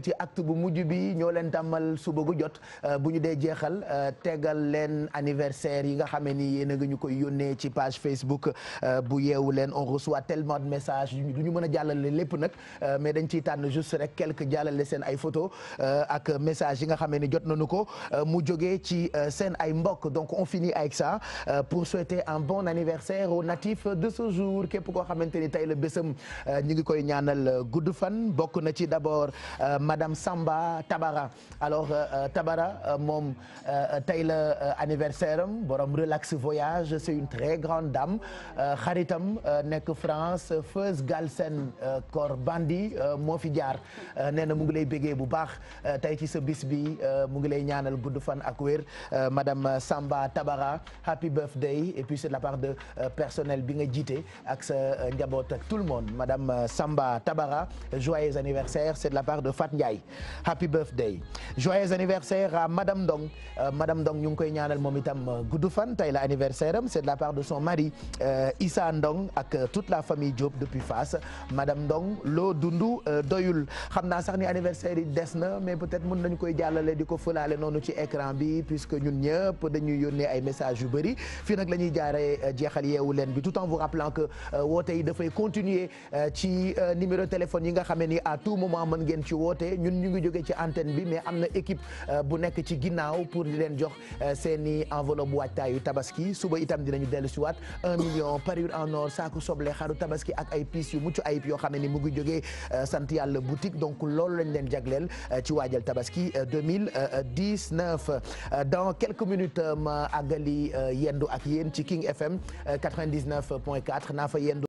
ci acte bu mujj bi ñoo leen tàmmal suba gu jot euh, bu ñu dee jeexal euh, tegal leen anniversaire yi nga xamee ni yéen a ngi ñu koy yónnee ci page Facebook euh, bu yeewu leen on reçoit tellement de messages du ñu mën a jàllale lépp nag mais dañ ciy tànn juste rek quelque jàllale seen ay photo ak message yi nga xame ni jot nañu ko mu jógee ci seen ay mbokk donc on finit ay ça pour souhaiter un bon anniversaire aux natifs de ce jour képp koo xamante ni tey la bésam ñu ngi koy ñaanal gudd fan bokk na ci madame Samba Tabara alors euh, euh, Tabara euh, moom tey la anniversaire am borom relax voyage c'est une très grande dame xaritam nekk France Feuz Galsen Korbandi moo fi jaar nee na mu ngi lay bégee bu baax tey ci sa bis bi mu ngi lay ñaanal gudd fan ak wér madame Samba Tabara happy birthday et puis c'est de la part de personnel bi nga jiite ak sa njaboot ak tout le monde madame Samba Tabara joyeux anniversaire c'est de la part de Ndiaye happy birthday joyeux anniversaire à madame Ndong euh, madame Ndong ñu ngi koy ñaanal moom itam euh, gudd fan tey la anniversaire am c'est de la part de son mari euh, Issa Ndong ak euh, toute la famille Diop depuis Fass madame Ndong loo dundu doyul xam naa sax ni anniversaire yi des na mais peut-être mën nañu koy jàllale di ko fëlaale noonu ci écran bi puisque ñun ñëpp dañuy yónnee ay messages yu bëri fii nag la ñuy jeexal yeewu leen bi tout en vous rappelant que woote yi dafay jàppale ñun ñu ngi jóge ci antenne bi mais am na équipe euh, bu nekk ci ginnaaw pour di leen jox euh, seen i enveloppe waajtaayu tabaski suba itam dinañu dellu si waat un million parure en or saaku soble xaru tabaski ak ay pièces yu mucc ayib yoo xam ne ni mu ngi jógee euh, sant yàlla boutique donc loolu lañ leen jagleel ci waajal tabaski 2019 dans quelques minutes ma àggali yendu ak yéen ci King FM 99 point 4 naa fa yendu